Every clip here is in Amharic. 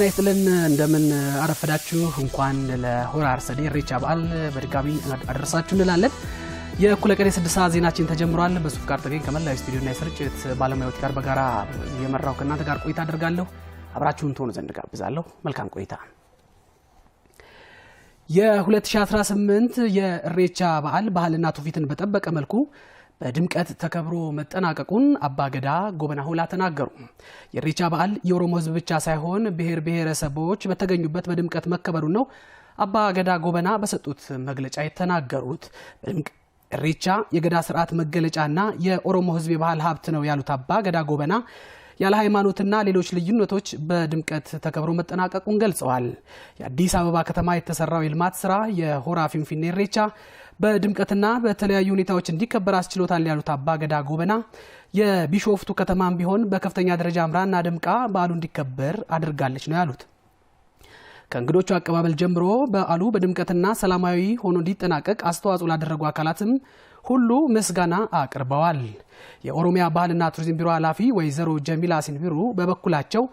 ጤና ይስጥልን እንደምን አረፈዳችሁ። እንኳን ለሆራ አርሰዴ ኢሬቻ በዓል በድጋሚ አደረሳችሁ እንላለን። የእኩለ ቀን ዜናችን ተጀምሯል። በሱፍ ጋር ተገኝ ከመላዊ ና የስርጭት ባለሙያዎች ጋር በጋራ የመራው ከእናንተ ጋር ቆይታ አድርጋለሁ። አብራችሁን ትሆኑ ዘንድ ጋብዛለሁ። መልካም ቆይታ። የ2018 የእሬቻ በዓል ባህልና ትውፊትን በጠበቀ መልኩ በድምቀት ተከብሮ መጠናቀቁን አባገዳ ጎበና ሁላ ተናገሩ። የኢሬቻ በዓል የኦሮሞ ሕዝብ ብቻ ሳይሆን ብሔር ብሔረሰቦች በተገኙበት በድምቀት መከበሩን ነው አባገዳ ጎበና በሰጡት መግለጫ የተናገሩት። ኢሬቻ የገዳ ስርዓት መገለጫና የኦሮሞ ሕዝብ የባህል ሀብት ነው ያሉት ገዳ ጎበና ያለ ሃይማኖትና ሌሎች ልዩነቶች በድምቀት ተከብሮ መጠናቀቁን ገልጸዋል። የአዲስ አበባ ከተማ የተሰራው የልማት ስራ የሆራ ፊንፊኔ ኢሬቻ በድምቀትና በተለያዩ ሁኔታዎች እንዲከበር አስችሎታል ያሉት አባገዳ ጎበና የቢሾፍቱ ከተማም ቢሆን በከፍተኛ ደረጃ አምራና ደምቃ በዓሉ እንዲከበር አድርጋለች ነው ያሉት። ከእንግዶቹ አቀባበል ጀምሮ በዓሉ በድምቀትና ሰላማዊ ሆኖ እንዲጠናቀቅ አስተዋጽኦ ላደረጉ አካላትም ሁሉ ምስጋና አቅርበዋል። የኦሮሚያ ባህልና ቱሪዝም ቢሮ ኃላፊ ወይዘሮ ጀሚላ ሲንቢሩ በበኩላቸው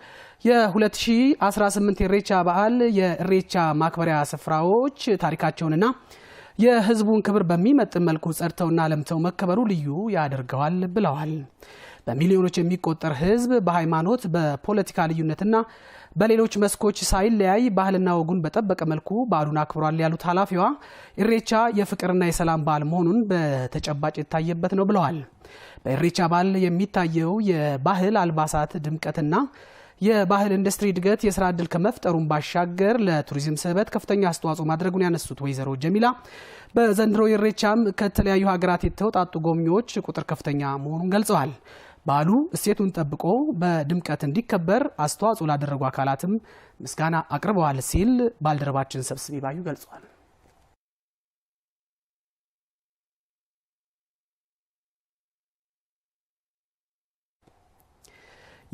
የ2018 የኢሬቻ በዓል የኢሬቻ ማክበሪያ ስፍራዎች ታሪካቸውንና የህዝቡን ክብር በሚመጥን መልኩ ጸድተውና ለምተው መከበሩ ልዩ ያደርገዋል ብለዋል። በሚሊዮኖች የሚቆጠር ህዝብ በሃይማኖት በፖለቲካ ልዩነትና በሌሎች መስኮች ሳይለያይ ባህልና ወጉን በጠበቀ መልኩ በዓሉን አክብሯል ያሉት ኃላፊዋ ኢሬቻ የፍቅርና የሰላም በዓል መሆኑን በተጨባጭ የታየበት ነው ብለዋል። በኢሬቻ በዓል የሚታየው የባህል አልባሳት ድምቀትና የባህል ኢንዱስትሪ እድገት የስራ እድል ከመፍጠሩን ባሻገር ለቱሪዝም ስህበት ከፍተኛ አስተዋጽኦ ማድረጉን ያነሱት ወይዘሮ ጀሚላ በዘንድሮ የሬቻም ከተለያዩ ሀገራት የተውጣጡ ጎብኚዎች ቁጥር ከፍተኛ መሆኑን ገልጸዋል። በዓሉ እሴቱን ጠብቆ በድምቀት እንዲከበር አስተዋጽኦ ላደረጉ አካላትም ምስጋና አቅርበዋል ሲል ባልደረባችን ሰብስቤ ባዩ ገልጿል።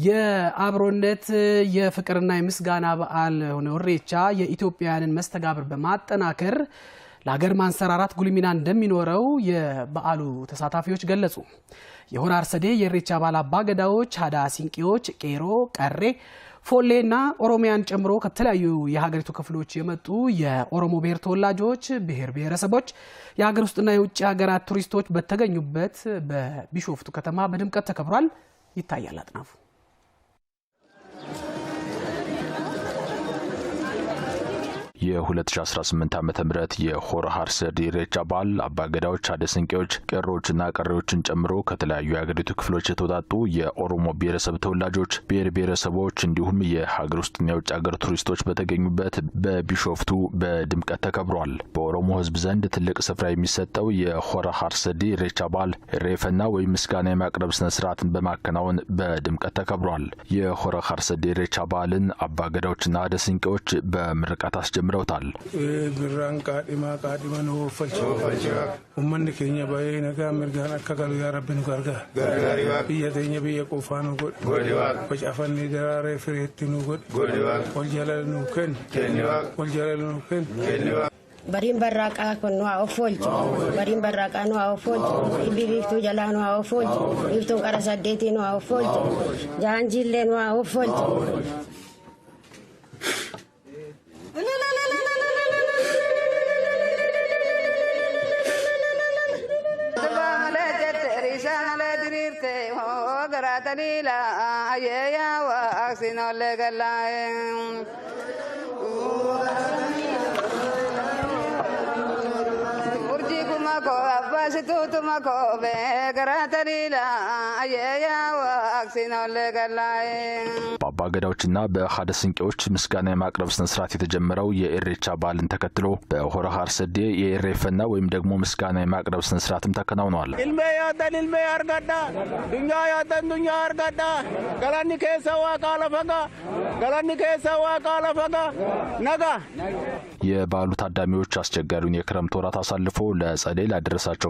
የአብሮነት የፍቅርና የምስጋና በዓል ሆነ ኢሬቻ የኢትዮጵያውያንን መስተጋብር በማጠናከር ለሀገር ማንሰራራት ጉልህ ሚና እንደሚኖረው የበዓሉ ተሳታፊዎች ገለጹ። የሆራ አርሰዴ የኢሬቻ በዓል አባ ገዳዎች፣ ሀዳ ሲንቄዎች፣ ቄሮ፣ ቀሬ፣ ፎሌና ኦሮሚያን ጨምሮ ከተለያዩ የሀገሪቱ ክፍሎች የመጡ የኦሮሞ ብሔር ተወላጆች፣ ብሔር ብሔረሰቦች፣ የሀገር ውስጥና የውጭ ሀገራት ቱሪስቶች በተገኙበት በቢሾፍቱ ከተማ በድምቀት ተከብሯል። ይታያል አጥናፉ የ2018 ዓ ም የሆረ ሐርሰድ ኢሬቻ በዓል አባገዳዎች፣ አደስንቄዎች፣ ቀሮችና ቀሪዎችን ጨምሮ ከተለያዩ የሀገሪቱ ክፍሎች የተውጣጡ የኦሮሞ ብሔረሰብ ተወላጆች፣ ብሔር ብሔረሰቦች እንዲሁም የሀገር ውስጥና የውጭ ሀገር ቱሪስቶች በተገኙበት በቢሾፍቱ በድምቀት ተከብሯል። በኦሮሞ ህዝብ ዘንድ ትልቅ ስፍራ የሚሰጠው የሆረ ሐርሰድ ኢሬቻ በዓል ሬፈና ወይም ምስጋና የማቅረብ ስነ ስርዓትን በማከናወን በድምቀት ተከብሯል። የሆረ ሐርሰድ ኢሬቻ በዓልን አባገዳዎችና አደስንቄዎች በምርቃት አስጀምረ ጀምረውታል። uummanni keenya baay'ee nagaa mirgaan akka galu yaa rabbi nu gargaara biyya teenya biyya quufaa nu godhi facaafannii daraaree fireetti nu godhi wal jaalala nu kenni wal jaalala nu kenni. Bariin barraaqaa kun nu haa of oolchu. Bariin barraaqaa nu haa of oolchu. Dhibbi biiftuu jalaa nu haa of oolchu. Biiftuun qara saddeetii nu haa of oolchu. Jaanjillee nu haa of oolchu. تريلا أيا وأكسن لك الله በአባ ገዳዎችና በሀደ ስንቄዎች ምስጋና የማቅረብ ስነስርዓት የተጀመረው የኢሬቻ በዓልን ተከትሎ በሆረ ሀርሰዴ የኢሬፈና ወይም ደግሞ ምስጋና የማቅረብ ስነስርዓትም ስርዓትም ተከናውኗል። ልሜ ያተን ልሜ አርጋዳ ዱኛ ያተን ዱኛ አርጋዳ ገላኒ ከሰዋ ቃለፈጋ ገላኒ ከሰዋ ቃለፈጋ ነጋ የበዓሉ ታዳሚዎች አስቸጋሪውን የክረምት ወራት አሳልፎ ለጸደይ ላደረሳቸው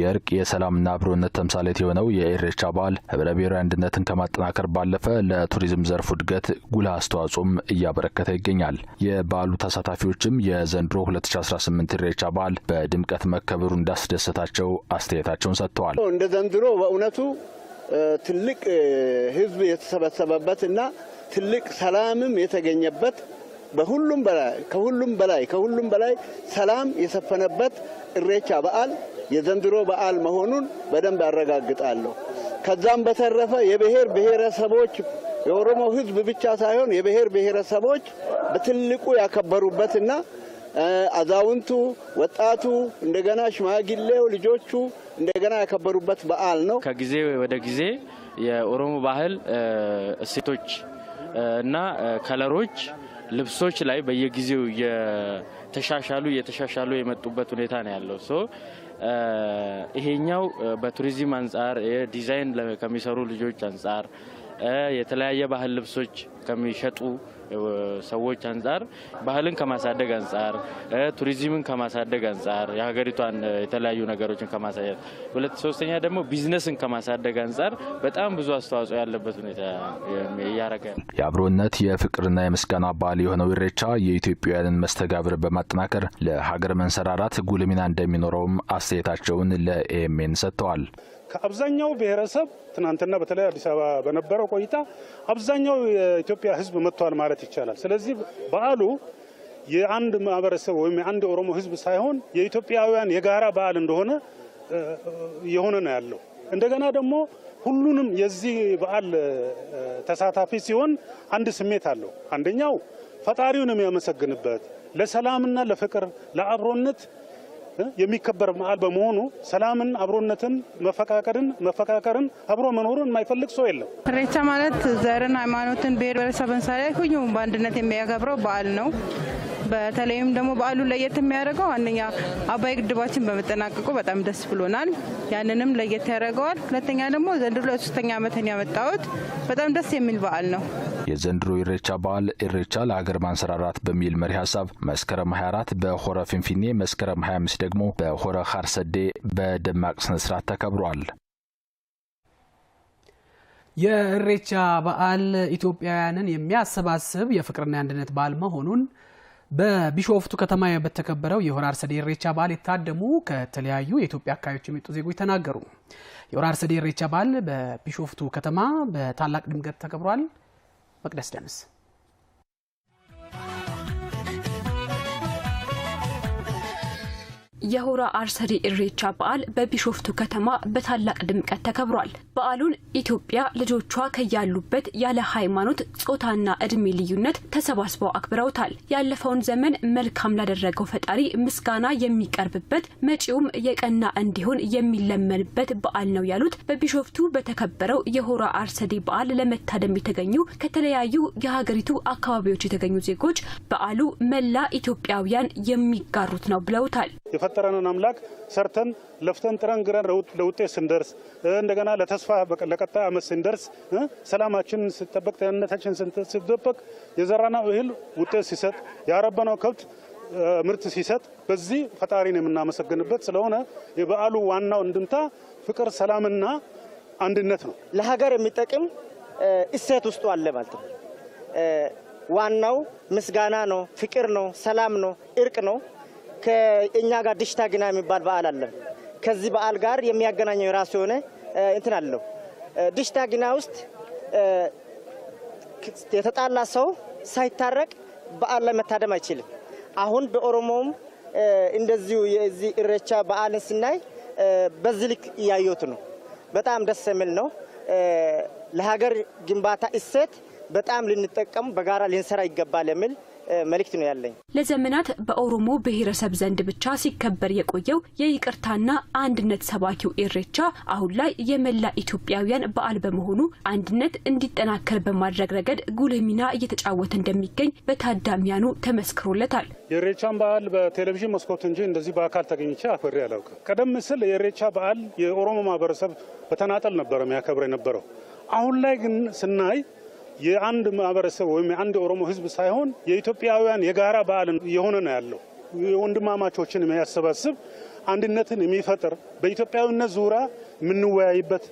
የእርቅ የሰላምና አብሮነት ተምሳሌት የሆነው የኢሬቻ በዓል ህብረ ብሔራዊ አንድነትን ከማጠናከር ባለፈ ለቱሪዝም ዘርፍ እድገት ጉልህ አስተዋጽኦም እያበረከተ ይገኛል። የበዓሉ ተሳታፊዎችም የዘንድሮ 2018 ኢሬቻ በዓል በድምቀት መከበሩ እንዳስደሰታቸው አስተያየታቸውን ሰጥተዋል። እንደ ዘንድሮ በእውነቱ ትልቅ ህዝብ የተሰበሰበበት እና ትልቅ ሰላምም የተገኘበት በሁሉም በላይ ከሁሉም በላይ ከሁሉም በላይ ሰላም የሰፈነበት እሬቻ በዓል የዘንድሮ በዓል መሆኑን በደንብ ያረጋግጣለሁ ከዛም በተረፈ የብሔር ብሔረሰቦች የኦሮሞ ሕዝብ ብቻ ሳይሆን የብሔር ብሔረሰቦች በትልቁ ያከበሩበትና አዛውንቱ፣ ወጣቱ፣ እንደገና ሽማግሌው፣ ልጆቹ እንደገና ያከበሩበት በዓል ነው። ከጊዜ ወደ ጊዜ የኦሮሞ ባህል እሴቶች እና ከለሮች ልብሶች ላይ በየጊዜው የተሻሻሉ እየተሻሻሉ የመጡበት ሁኔታ ነው ያለው። ይሄኛው በቱሪዝም አንጻር ዲዛይን ከሚሰሩ ልጆች አንጻር የተለያየ ባህል ልብሶች ከሚሸጡ ሰዎች አንጻር ባህልን ከማሳደግ አንጻር፣ ቱሪዝምን ከማሳደግ አንጻር፣ የሀገሪቷን የተለያዩ ነገሮችን ከማሳየት ሁለት ሶስተኛ ደግሞ ቢዝነስን ከማሳደግ አንጻር በጣም ብዙ አስተዋጽኦ ያለበት ሁኔታ እያረገ ነው። የአብሮነት የፍቅርና የምስጋና በዓል የሆነው ኢሬቻ የኢትዮጵያውያንን መስተጋብር በማጠናከር ለሀገር መንሰራራት ጉልሚና እንደሚኖረውም አስተያየታቸውን ለኤኤምኤን ሰጥተዋል። ከአብዛኛው ብሔረሰብ ትናንትና በተለይ አዲስ አበባ በነበረው ቆይታ አብዛኛው የኢትዮጵያ ሕዝብ መጥቷል ማለት ይቻላል። ስለዚህ በዓሉ የአንድ ማህበረሰብ ወይም የአንድ ኦሮሞ ሕዝብ ሳይሆን የኢትዮጵያውያን የጋራ በዓል እንደሆነ የሆነ ነው ያለው። እንደገና ደግሞ ሁሉንም የዚህ በዓል ተሳታፊ ሲሆን አንድ ስሜት አለው። አንደኛው ፈጣሪውን የሚያመሰግንበት ለሰላምና ለፍቅር ለአብሮነት የሚከበር በዓል በመሆኑ ሰላምን፣ አብሮነትን፣ መፈቃቀርን መፈቃቀርን አብሮ መኖሩን የማይፈልግ ሰው የለም። ኢሬቻ ማለት ዘርን፣ ሃይማኖትን፣ ብሔር ብሔረሰብን ሳይለይ ሁሉም በአንድነት የሚያከብረው በዓል ነው። በተለይም ደግሞ በዓሉን ለየት የሚያደርገው አንደኛ አባይ ግድባችን በመጠናቀቁ በጣም ደስ ብሎናል። ያንንም ለየት ያደርገዋል። ሁለተኛ ደግሞ ዘንድሮ ለሶስተኛ ዓመትን ያመጣሁት በጣም ደስ የሚል በዓል ነው። የዘንድሮ ኢሬቻ በዓል ኢሬቻ ለሀገር ማንሰራራት በሚል መሪ ሀሳብ መስከረም 24 በሆረ ፊንፊኔ፣ መስከረም 25 ደግሞ በሆረ ሀርሰዴ በደማቅ ስነስርዓት ተከብሯል። የእሬቻ በዓል ኢትዮጵያውያንን የሚያሰባስብ የፍቅርና የአንድነት በዓል መሆኑን በቢሾፍቱ ከተማ በተከበረው የሆራር ሰዴ ኢሬቻ በዓል የታደሙ ከተለያዩ የኢትዮጵያ አካባቢዎች የመጡ ዜጎች ተናገሩ። የሆራ ሰዴ ኢሬቻ በዓል በቢሾፍቱ ከተማ በታላቅ ድምቀት ተከብሯል። መቅደስ ደምስ የሆራ አርሰዴ እሬቻ በዓል በቢሾፍቱ ከተማ በታላቅ ድምቀት ተከብሯል። በዓሉን ኢትዮጵያ ልጆቿ ከያሉበት ያለ ሃይማኖት፣ ጾታና እድሜ ልዩነት ተሰባስበው አክብረውታል። ያለፈውን ዘመን መልካም ላደረገው ፈጣሪ ምስጋና የሚቀርብበት መጪውም የቀና እንዲሆን የሚለመንበት በዓል ነው ያሉት በቢሾፍቱ በተከበረው የሆራ አርሰዴ በዓል ለመታደም የተገኙ ከተለያዩ የሀገሪቱ አካባቢዎች የተገኙ ዜጎች በዓሉ መላ ኢትዮጵያውያን የሚጋሩት ነው ብለውታል። የፈጠረንን አምላክ ሰርተን ለፍተን ጥረን ግረን ለውጤት ስንደርስ እንደገና ለተስፋ ለቀጣይ ዓመት ስንደርስ ሰላማችን ስጠበቅ ጤንነታችን ስጠበቅ የዘራነው እህል ውጤት ሲሰጥ ያረበነው ከብት ምርት ሲሰጥ በዚህ ፈጣሪን የምናመሰግንበት ስለሆነ የበዓሉ ዋናው እንድምታ ፍቅር፣ ሰላምና አንድነት ነው። ለሀገር የሚጠቅም እሴት ውስጡ አለ ማለት ነው። ዋናው ምስጋና ነው፣ ፍቅር ነው፣ ሰላም ነው፣ እርቅ ነው። ከእኛ ጋር ድሽታ ግና የሚባል በዓል አለን። ከዚህ በዓል ጋር የሚያገናኘው የራሱ የሆነ እንትን አለው። ድሽታ ግና ውስጥ የተጣላ ሰው ሳይታረቅ በዓል ላይ መታደም አይችልም። አሁን በኦሮሞውም እንደዚሁ የዚህ እሬቻ በዓልን ስናይ በዚህ ልክ እያየሁት ነው። በጣም ደስ የሚል ነው። ለሀገር ግንባታ እሴት በጣም ልንጠቀሙ በጋራ ልንሰራ ይገባል የሚል መልእክት ነው ያለኝ። ለዘመናት በኦሮሞ ብሔረሰብ ዘንድ ብቻ ሲከበር የቆየው የይቅርታና አንድነት ሰባኪው ኢሬቻ አሁን ላይ የመላ ኢትዮጵያውያን በዓል በመሆኑ አንድነት እንዲጠናከር በማድረግ ረገድ ጉልህ ሚና እየተጫወተ እንደሚገኝ በታዳሚያኑ ተመስክሮለታል። የኢሬቻን በዓል በቴሌቪዥን መስኮት እንጂ እንደዚህ በአካል ተገኝቼ አክብሬ አላውቅም። ቀደም ሲል የኢሬቻ በዓል የኦሮሞ ማህበረሰብ በተናጠል ነበረ የሚያከብር የነበረው። አሁን ላይ ግን ስናይ የአንድ ማህበረሰብ ወይም የአንድ ኦሮሞ ህዝብ ሳይሆን የኢትዮጵያውያን የጋራ በዓል የሆነ ነው ያለው። የወንድማማቾችን የሚያሰባስብ አንድነትን የሚፈጥር በኢትዮጵያዊነት ዙሪያ የምንወያይበት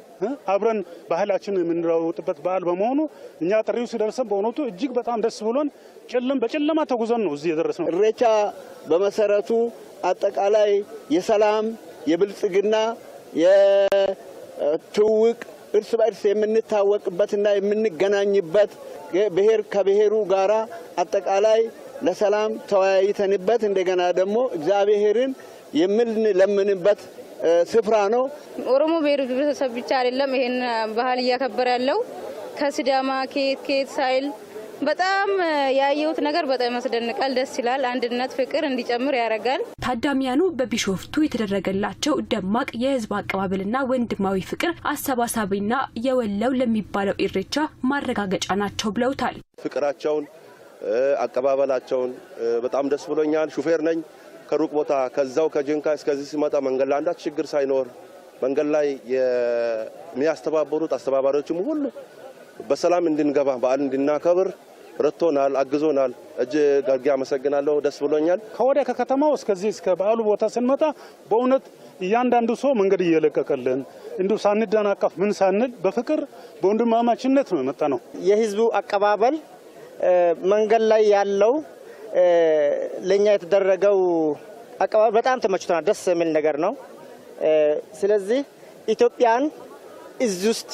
አብረን ባህላችን የምንለውጥበት በዓል በመሆኑ እኛ ጥሪው ሲደርሰን በእውነቱ እጅግ በጣም ደስ ብሎን ጨለም በጨለማ ተጉዘን ነው እዚህ የደረስነው። እሬቻ በመሰረቱ አጠቃላይ የሰላም የብልጽግና የትውቅ እርስ በእርስ የምንታወቅበትና የምንገናኝበት ብሔር ከብሔሩ ጋራ አጠቃላይ ለሰላም ተወያይተንበት እንደገና ደግሞ እግዚአብሔርን የምንለምንበት ስፍራ ነው። ኦሮሞ ብሔር ብሔረሰብ ብቻ አይደለም ይሄን ባህል እያከበረ ያለው ከስዳማ ኬት ኬት ሳይል በጣም ያየሁት ነገር በጣም ያስደንቃል። ደስ ይላል። አንድነት፣ ፍቅር እንዲጨምር ያደርጋል። ታዳሚያኑ በቢሾፍቱ የተደረገላቸው ደማቅ የህዝብ አቀባበልና ወንድማዊ ፍቅር አሰባሳቢና የወለው ለሚባለው ኢሬቻ ማረጋገጫ ናቸው ብለውታል። ፍቅራቸውን፣ አቀባበላቸውን በጣም ደስ ብሎኛል። ሹፌር ነኝ። ከሩቅ ቦታ ከዛው ከጅንካ እስከዚህ ሲመጣ መንገድ ላይ አንዳች ችግር ሳይኖር መንገድ ላይ የሚያስተባበሩት አስተባባሪዎችም ሁሉ በሰላም እንድንገባ በዓል እንድናከብር ረቶናል፣ አግዞናል። እጅ አድርጌ አመሰግናለሁ። ደስ ብሎኛል። ከወዲያ ከከተማው እስከዚህ እስከ በዓሉ ቦታ ስንመጣ በእውነት እያንዳንዱ ሰው መንገድ እየለቀቀልን እንዲሁ ሳንደናቀፍ ምን ሳንል በፍቅር በወንድማማችነት ነው የመጣ ነው። የህዝቡ አቀባበል መንገድ ላይ ያለው ለእኛ የተደረገው አቀባበል በጣም ተመችቶናል። ደስ የሚል ነገር ነው። ስለዚህ ኢትዮጵያን እዚህ ውስጥ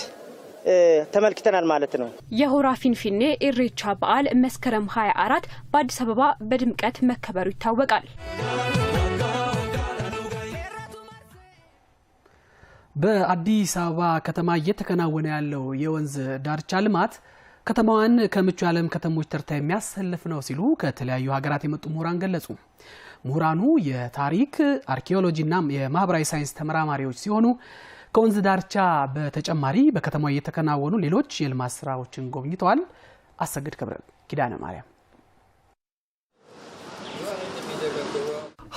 ተመልክተናል ማለት ነው። የሆራ ፊንፊኔ ኤሬቻ በዓል መስከረም 24 በአዲስ አበባ በድምቀት መከበሩ ይታወቃል። በአዲስ አበባ ከተማ እየተከናወነ ያለው የወንዝ ዳርቻ ልማት ከተማዋን ከምቹ የዓለም ከተሞች ተርታ የሚያሰልፍ ነው ሲሉ ከተለያዩ ሀገራት የመጡ ምሁራን ገለጹ። ምሁራኑ የታሪክ አርኪኦሎጂና የማህበራዊ ሳይንስ ተመራማሪዎች ሲሆኑ ከወንዝ ዳርቻ በተጨማሪ በከተማው የተከናወኑ ሌሎች የልማት ስራዎችን ጎብኝተዋል። አሰግድ ክብረ ኪዳነ ማርያም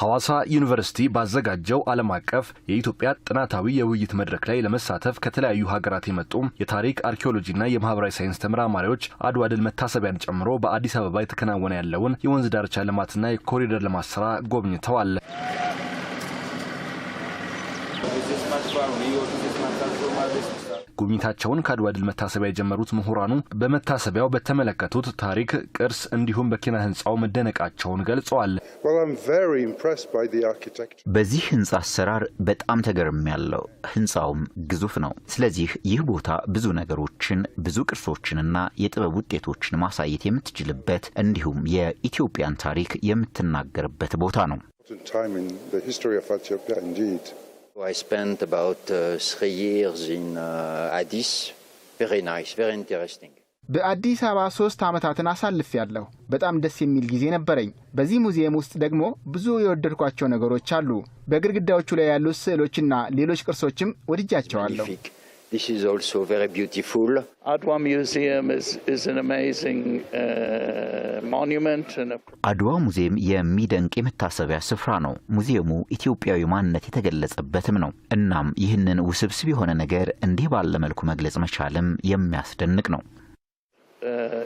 ሐዋሳ ዩኒቨርሲቲ ባዘጋጀው ዓለም አቀፍ የኢትዮጵያ ጥናታዊ የውይይት መድረክ ላይ ለመሳተፍ ከተለያዩ ሀገራት የመጡ የታሪክ አርኪኦሎጂና የማህበራዊ ሳይንስ ተመራማሪዎች አድዋ ድል መታሰቢያን ጨምሮ በአዲስ አበባ የተከናወነ ያለውን የወንዝ ዳርቻ ልማትና የኮሪደር ልማት ስራ ጎብኝተዋል። ጉብኝታቸውን ከአድዋ ድል መታሰቢያ የጀመሩት ምሁራኑ በመታሰቢያው በተመለከቱት ታሪክ፣ ቅርስ እንዲሁም በኪነ ህንፃው መደነቃቸውን ገልጸዋል። በዚህ ህንፃ አሰራር በጣም ተገርም ያለው ህንፃውም ግዙፍ ነው። ስለዚህ ይህ ቦታ ብዙ ነገሮችን ብዙ ቅርሶችንና የጥበብ ውጤቶችን ማሳየት የምትችልበት እንዲሁም የኢትዮጵያን ታሪክ የምትናገርበት ቦታ ነው። I spent about uh, three years in uh, Addis. Very nice, very interesting. በአዲስ አበባ ሶስት ዓመታትን አሳልፍ ያለሁ በጣም ደስ የሚል ጊዜ ነበረኝ። በዚህ ሙዚየም ውስጥ ደግሞ ብዙ የወደድኳቸው ነገሮች አሉ። በግድግዳዎቹ ላይ ያሉት ስዕሎችና ሌሎች ቅርሶችም ወድጃቸዋለሁ። This is also very beautiful. Adwa Museum is, is an amazing, uh, monument. አድዋ ሙዚየም የሚደንቅ የመታሰቢያ ስፍራ ነው። ሙዚየሙ ኢትዮጵያዊ ማንነት የተገለጸበትም ነው። እናም ይህንን ውስብስብ የሆነ ነገር እንዲህ ባለ መልኩ መግለጽ መቻልም የሚያስደንቅ ነው። uh,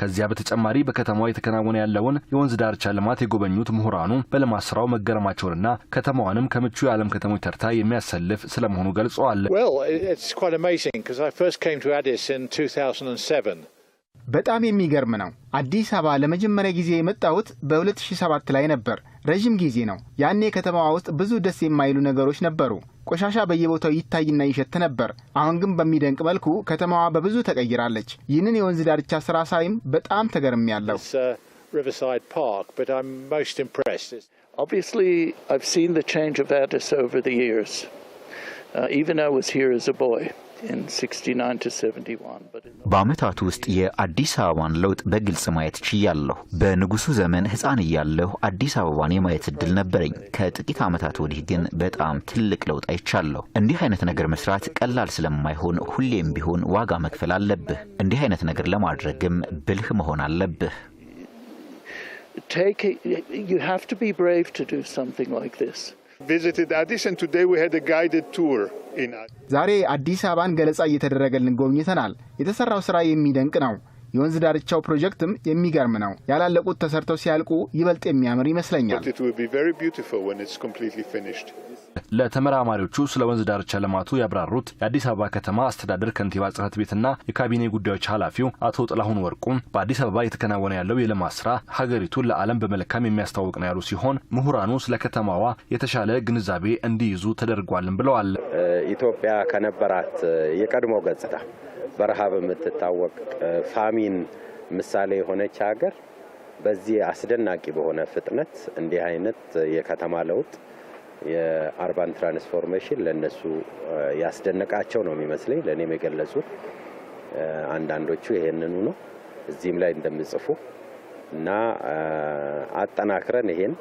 ከዚያ በተጨማሪ በከተማዋ የተከናወነ ያለውን የወንዝ ዳርቻ ልማት የጎበኙት ምሁራኑ በልማት ስራው መገረማቸውንና ከተማዋንም ከምቹ የዓለም ከተሞች ተርታ የሚያሰልፍ ስለመሆኑ ገልጸዋል። በጣም የሚገርም ነው። አዲስ አበባ ለመጀመሪያ ጊዜ የመጣሁት በ2007 ላይ ነበር። ረዥም ጊዜ ነው። ያኔ ከተማዋ ውስጥ ብዙ ደስ የማይሉ ነገሮች ነበሩ። ቆሻሻ በየቦታው ይታይና ይሸት ነበር። አሁን ግን በሚደንቅ መልኩ ከተማዋ በብዙ ተቀይራለች። ይህንን የወንዝ ዳርቻ ስራ ሳይም በጣም ተገርም ያለው ሪቨርሳይድ በዓመታት ውስጥ የአዲስ አበባን ለውጥ በግልጽ ማየት ችያለሁ። በንጉሱ ዘመን ሕፃን እያለሁ አዲስ አበባን የማየት እድል ነበረኝ። ከጥቂት ዓመታት ወዲህ ግን በጣም ትልቅ ለውጥ አይቻለሁ። እንዲህ አይነት ነገር መስራት ቀላል ስለማይሆን ሁሌም ቢሆን ዋጋ መክፈል አለብህ። እንዲህ አይነት ነገር ለማድረግም ብልህ መሆን አለብህ። you have to be brave to do something like this ዛሬ አዲስ አበባን ገለጻ እየተደረገልን ጎብኝተናል። የተሰራው ስራ የሚደንቅ ነው። የወንዝ ዳርቻው ፕሮጀክትም የሚገርም ነው። ያላለቁት ተሰርተው ሲያልቁ ይበልጥ የሚያምር ይመስለኛል። ለተመራማሪዎቹ ስለ ወንዝ ዳርቻ ልማቱ ያብራሩት የአዲስ አበባ ከተማ አስተዳደር ከንቲባ ጽህፈት ቤትና የካቢኔ ጉዳዮች ኃላፊው አቶ ጥላሁን ወርቁም በአዲስ አበባ እየተከናወነ ያለው የልማት ስራ ሀገሪቱን ለዓለም በመልካም የሚያስተዋውቅ ነው ያሉ ሲሆን ምሁራኑ ስለ ከተማዋ የተሻለ ግንዛቤ እንዲይዙ ተደርጓልም ብለዋል። ኢትዮጵያ ከነበራት የቀድሞ ገጽታ በረሃብ የምትታወቅ ፋሚን ምሳሌ የሆነች ሀገር በዚህ አስደናቂ በሆነ ፍጥነት እንዲህ አይነት የከተማ ለውጥ የአርባን ትራንስፎርሜሽን ለእነሱ ያስደነቃቸው ነው የሚመስለኝ። ለእኔም የገለጹት አንዳንዶቹ ይሄንኑ ነው እዚህም ላይ እንደምጽፉ እና አጠናክረን ይሄን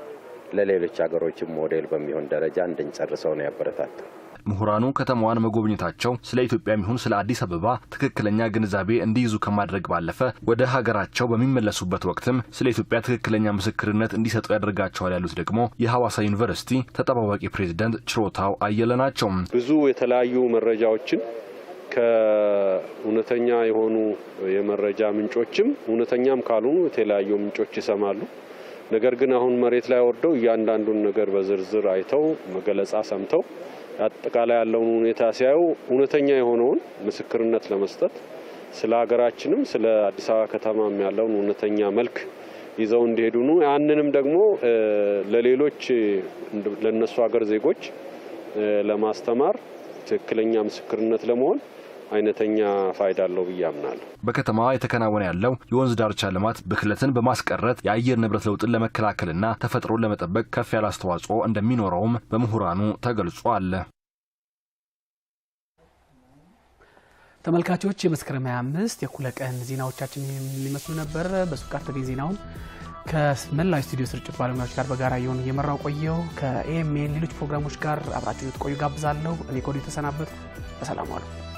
ለሌሎች ሀገሮችም ሞዴል በሚሆን ደረጃ እንድንጨርሰው ነው ያበረታታው። ምሁራኑ ከተማዋን መጎብኘታቸው ስለ ኢትዮጵያ ይሁን ስለ አዲስ አበባ ትክክለኛ ግንዛቤ እንዲይዙ ከማድረግ ባለፈ ወደ ሀገራቸው በሚመለሱበት ወቅትም ስለ ኢትዮጵያ ትክክለኛ ምስክርነት እንዲሰጡ ያደርጋቸዋል ያሉት ደግሞ የሐዋሳ ዩኒቨርሲቲ ተጠባባቂ ፕሬዚደንት ችሮታው አየለ ናቸው። ብዙ የተለያዩ መረጃዎችን ከእውነተኛ የሆኑ የመረጃ ምንጮችም እውነተኛም ካልሆኑ የተለያዩ ምንጮች ይሰማሉ። ነገር ግን አሁን መሬት ላይ ወርደው እያንዳንዱን ነገር በዝርዝር አይተው መገለጻ ሰምተው አጠቃላይ ያለውን ሁኔታ ሲያዩ እውነተኛ የሆነውን ምስክርነት ለመስጠት ስለ ሀገራችንም ስለ አዲስ አበባ ከተማም ያለውን እውነተኛ መልክ ይዘው እንዲሄዱ ነው። ያንንም ደግሞ ለሌሎች ለነሱ ሀገር ዜጎች ለማስተማር ትክክለኛ ምስክርነት ለመሆን አይነተኛ ፋይዳ አለው ብዬ አምናለሁ። በከተማዋ የተከናወነ ያለው የወንዝ ዳርቻ ልማት ብክለትን በማስቀረት የአየር ንብረት ለውጥን ለመከላከልና ተፈጥሮን ለመጠበቅ ከፍ ያለ አስተዋጽኦ እንደሚኖረውም በምሁራኑ አለ። ተመልካቾች የመስከረም 25 የእኩለ ቀን ዜናዎቻችን ሊመስሉ ነበር። በሱካር ቲቪ ዜናውን ከመላው ስቱዲዮ ስርጭት ባለሙያዎች ጋር በጋራ እየሆኑ እየመራው ቆየው። ከኤኤምኤን ሌሎች ፕሮግራሞች ጋር አብራችሁ ልትቆዩ ጋብዛለሁ። እኔ ኮዲ ተሰናበትኩ። በሰላም አሉ።